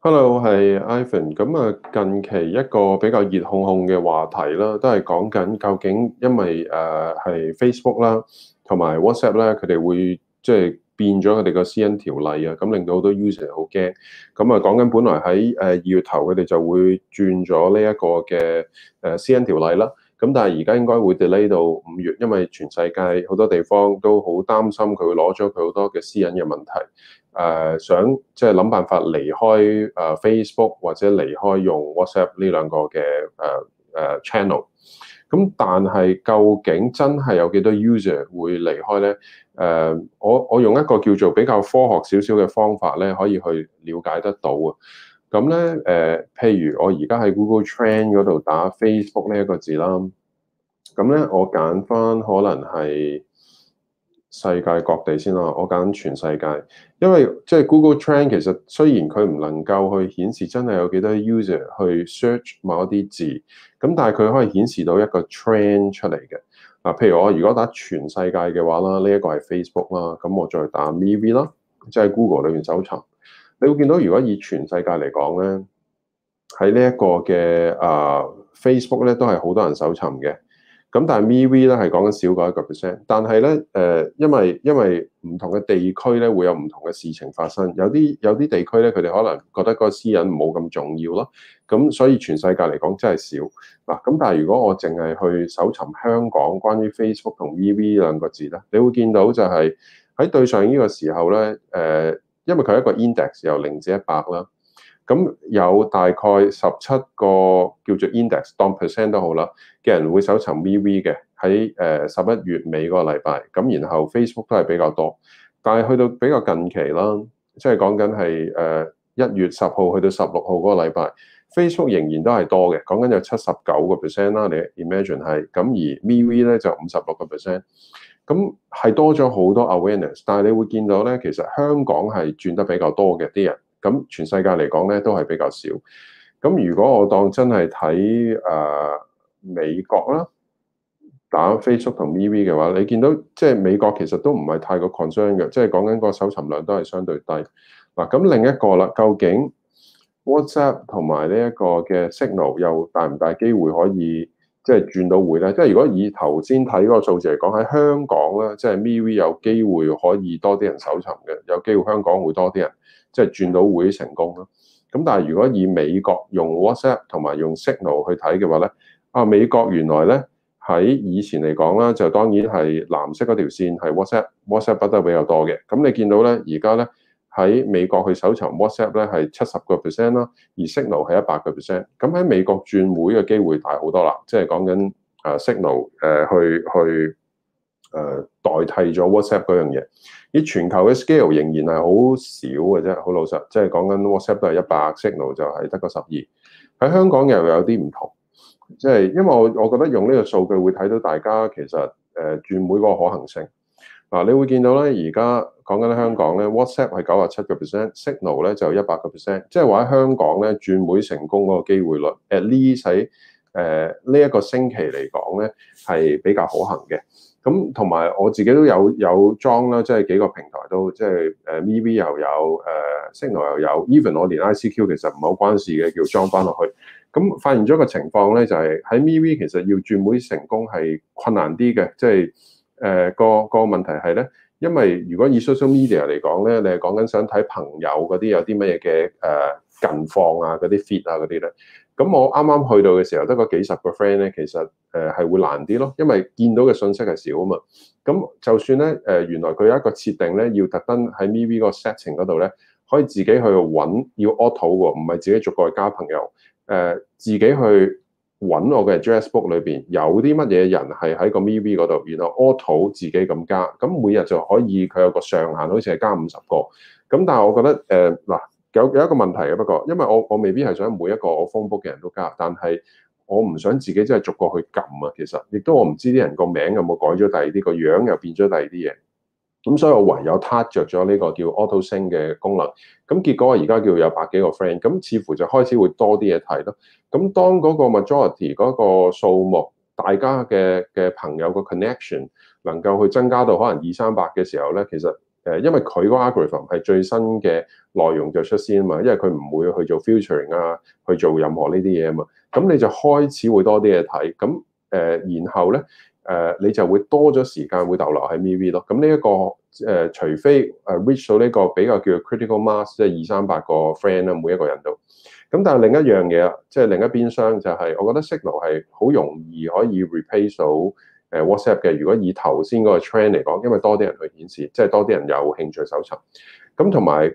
Hello，我係 Ivan。咁啊，近期一個比較熱烘烘嘅話題啦，都係講緊究竟，因為誒係 Facebook 啦，同埋 WhatsApp 咧，佢哋會即係變咗佢哋個私隱條例啊，咁令到好多 user 好驚。咁啊，講緊本來喺誒二月頭佢哋就會轉咗呢一個嘅誒私隱條例啦。咁但係而家應該會 delay 到五月，因為全世界好多地方都好擔心佢會攞咗佢好多嘅私隱嘅問題。誒、uh, 想即係諗辦法離開誒、uh, Facebook 或者離開用 WhatsApp 呢兩個嘅誒誒 channel，咁但係究竟真係有幾多 user 會離開咧？誒、uh, 我我用一個叫做比較科學少少嘅方法咧，可以去了解得到啊。咁咧誒，uh, 譬如我而家喺 Google Trend 嗰度打 Facebook 呢一個字啦，咁咧我揀返可能係。世界各地先啦，我揀全世界，因為即係 Google Trend 其實雖然佢唔能夠去顯示真係有幾多 user 去 search 某一啲字，咁但係佢可以顯示到一個 Trend 出嚟嘅。嗱，譬如我如果打全世界嘅話啦，呢一個係 Facebook 啦，咁我再打 MV 啦，即係 Google 裏面搜尋，你會見到如果以全世界嚟講咧，喺呢一個嘅啊 Facebook 咧都係好多人搜尋嘅。咁但係 v v 咧係講緊少過一個 percent，但係咧誒，因為因為唔同嘅地區咧會有唔同嘅事情發生，有啲有啲地區咧佢哋可能覺得嗰個私隱冇咁重要咯，咁所以全世界嚟講真係少嗱。咁、啊、但係如果我淨係去搜尋香港關於 Facebook 同 v v 兩個字咧，你會見到就係、是、喺對上呢個時候咧誒、呃，因為佢係一個 index 由零至一百啦。咁有大概十七個叫做 index，當 percent 都好啦嘅人會搜尋 VV 嘅喺誒十一月尾嗰個禮拜，咁然後 Facebook 都係比較多，但係去到比較近期啦，即係講緊係誒一月十號去到十六號嗰個禮拜，Facebook 仍然都係多嘅，講緊有七十九個 percent 啦，你 imagine 係，咁而 VV 咧就五十六個 percent，咁係多咗好多 awareness，但係你會見到咧，其實香港係轉得比較多嘅啲人。咁全世界嚟講咧，都係比較少。咁如果我當真係睇誒美國啦，打 Facebook 同 MV 嘅話，你見到即係、就是、美國其實都唔係太過 concern 嘅，即係講緊個搜尋量都係相對低。嗱，咁另一個啦，究竟 WhatsApp 同埋呢一個嘅 Signal 又大唔大機會可以即係轉到回咧？即、就、係、是、如果以頭先睇嗰個數字嚟講，喺香港咧，即、就、係、是、MV 有機會可以多啲人搜尋嘅，有機會香港會多啲人。即係轉到會成功咯。咁但係如果以美國用 WhatsApp 同埋用 Signal 去睇嘅話咧，啊美國原來咧喺以前嚟講啦，就當然係藍色嗰條線係 WhatsApp，WhatsApp 得得比較多嘅。咁你見到咧，而家咧喺美國去搜尋 WhatsApp 咧係七十個 percent 啦，而 Signal 係一百個 percent。咁喺美國轉會嘅機會大好多啦，即係講緊誒 Signal 誒去去。去誒代替咗 WhatsApp 嗰樣嘢，而全球嘅 scale 仍然係好少嘅啫，好老實，即係講緊 WhatsApp 都係一百 signal 就係得個十二喺香港又有啲唔同，即係因為我我覺得用呢個數據會睇到大家其實誒轉會嗰個可行性嗱，你會見到咧而家講緊香港咧 WhatsApp 係九十七個 percent signal 咧就一百個 percent，即係話喺香港咧轉會成功嗰個機會率 at least 喺誒呢一個星期嚟講咧，係比較可行嘅。咁同埋我自己都有有裝啦，即係幾個平台都即係誒 MeWe 又有誒 Signal 又有，even 我連 ICQ 其實唔好關事嘅，叫裝翻落去。咁發現咗個情況咧，就係喺 MeWe 其實要轉會成功係困難啲嘅，即係誒、呃、個個問題係咧，因為如果以 social media 嚟講咧，你係講緊想睇朋友嗰啲有啲乜嘢嘅誒近況啊、嗰啲 feed 啊嗰啲咧。咁我啱啱去到嘅時候，得個幾十個 friend 咧，其實誒係、呃、會難啲咯，因為見到嘅信息係少啊嘛。咁就算咧誒、呃，原來佢有一個設定咧，要特登喺 MiV 個 setting 嗰度咧，可以自己去揾要 auto 喎，唔係自己逐個去加朋友。誒、呃，自己去揾我嘅 address book 裏邊有啲乜嘢人係喺個 MiV 嗰度，然後 auto 自己咁加。咁每日就可以佢有個上限，好似係加五十個。咁但係我覺得誒嗱。呃有有一個問題嘅，不過因為我我未必係想每一個我 phone book 嘅人都加，但係我唔想自己真係逐個去撳啊。其實亦都我唔知啲人個名有冇改咗第二啲，個樣又變咗第二啲嘢。咁所以我唯有 Touch 著咗呢個叫 Auto Sync 嘅功能。咁結果我而家叫有百幾個 friend，咁似乎就開始會多啲嘢睇咯。咁當嗰個 majority 嗰個數目，大家嘅嘅朋友個 connection 能夠去增加到可能二三百嘅時候咧，其實～誒，因為佢個 algorithm 係最新嘅內容就先出先啊嘛，因為佢唔會去做 filtering 啊，去做任何呢啲嘢啊嘛，咁你就開始會多啲嘢睇，咁誒、呃，然後咧誒、呃，你就會多咗時間會逗留喺 vv 咯。咁呢一個誒，除非誒，reach 到呢個比較叫 critical mass，即係二三百個 friend 啊，每一個人都。咁但係另一樣嘢即係另一邊商，就係，我覺得 signal 係好容易可以 replace 到。誒 WhatsApp 嘅，如果以頭先嗰個 trend 嚟講，因為多啲人去顯示，即係多啲人有興趣搜尋，咁同埋誒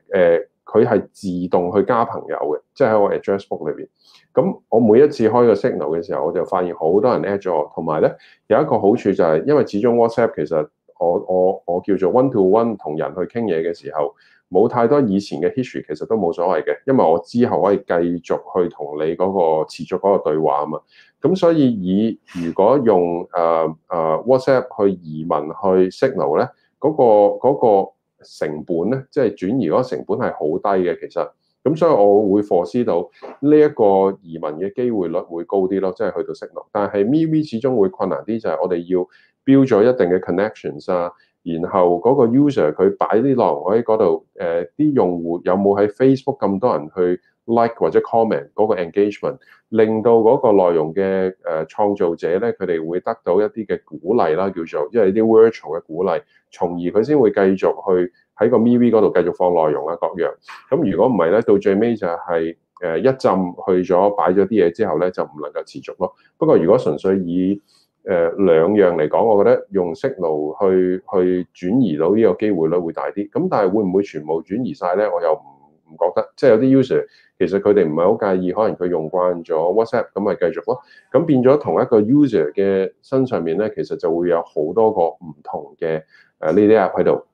佢係自動去加朋友嘅，即係喺我 address book 裏邊。咁我每一次開個 signal 嘅時候，我就發現好多人 add 咗我，同埋咧有一個好處就係，因為始終 WhatsApp 其實我我我叫做 one to one 同人去傾嘢嘅時候。冇太多以前嘅 history，其實都冇所謂嘅，因為我之後可以繼續去同你嗰個持續嗰個對話啊嘛。咁所以以如果用誒誒、uh, uh, WhatsApp 去移民去 signal 咧，嗰、嗰個嗰個成本咧，即、就、係、是、轉移嗰個成本係好低嘅其實。咁所以我會 foresee 到呢一個移民嘅機會率會高啲咯，即、就、係、是、去到 signal。但係 MeWe 始終會困難啲，就係、是、我哋要 build 咗一定嘅 connections 啊。然後嗰個 user 佢擺啲內容喺嗰度，誒、呃、啲用戶有冇喺 Facebook 咁多人去 like 或者 comment 嗰個 engagement，令到嗰個內容嘅誒、呃、創造者咧，佢哋會得到一啲嘅鼓勵啦，叫做即係一啲 virtual 嘅鼓勵，從而佢先會繼續去喺個 MV 嗰度繼續放內容啦各樣。咁如果唔係咧，到最尾就係、是、誒、呃、一浸去咗擺咗啲嘢之後咧，就唔能夠持續咯。不過如果純粹以誒、呃、兩樣嚟講，我覺得用 Signal 去去轉移到呢個機會率會大啲。咁但係會唔會全部轉移晒咧？我又唔唔覺得。即、就、係、是、有啲 user 其實佢哋唔係好介意，可能佢用慣咗 WhatsApp，咁咪繼續咯。咁變咗同一個 user 嘅身上面咧，其實就會有好多個唔同嘅誒呢啲 app 喺度。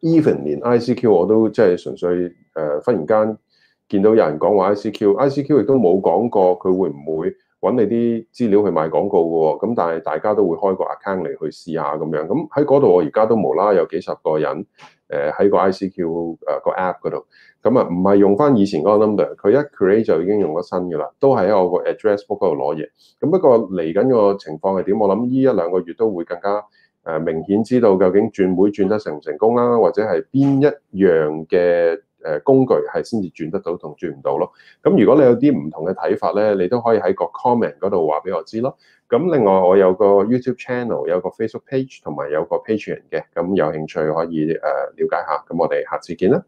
Even 連 ICQ 我都即係純粹誒、呃，忽然間見到有人講話 ICQ，ICQ 亦都冇講過佢會唔會。揾你啲資料去賣廣告喎、哦，咁但係大家都會開個 account 嚟去試下咁樣，咁喺嗰度我而家都無啦，有幾十個人，誒、呃、喺個 ICQ 誒、呃、個 app 嗰度，咁啊唔係用翻以前嗰個 number，佢一 create 就已經用咗新嘅啦，都喺我個 address book 嗰度攞嘢，咁不過嚟緊個情況係點？我諗呢一兩個月都會更加誒明顯，知道究竟轉會轉得成唔成功啦，或者係邊一樣嘅。誒工具係先至轉得到同轉唔到咯。咁如果你有啲唔同嘅睇法咧，你都可以喺個 comment 嗰度話俾我知咯。咁另外我有個 YouTube channel，有個 Facebook page 同埋有個 Patreon 嘅。咁有興趣可以誒瞭解下。咁我哋下次見啦。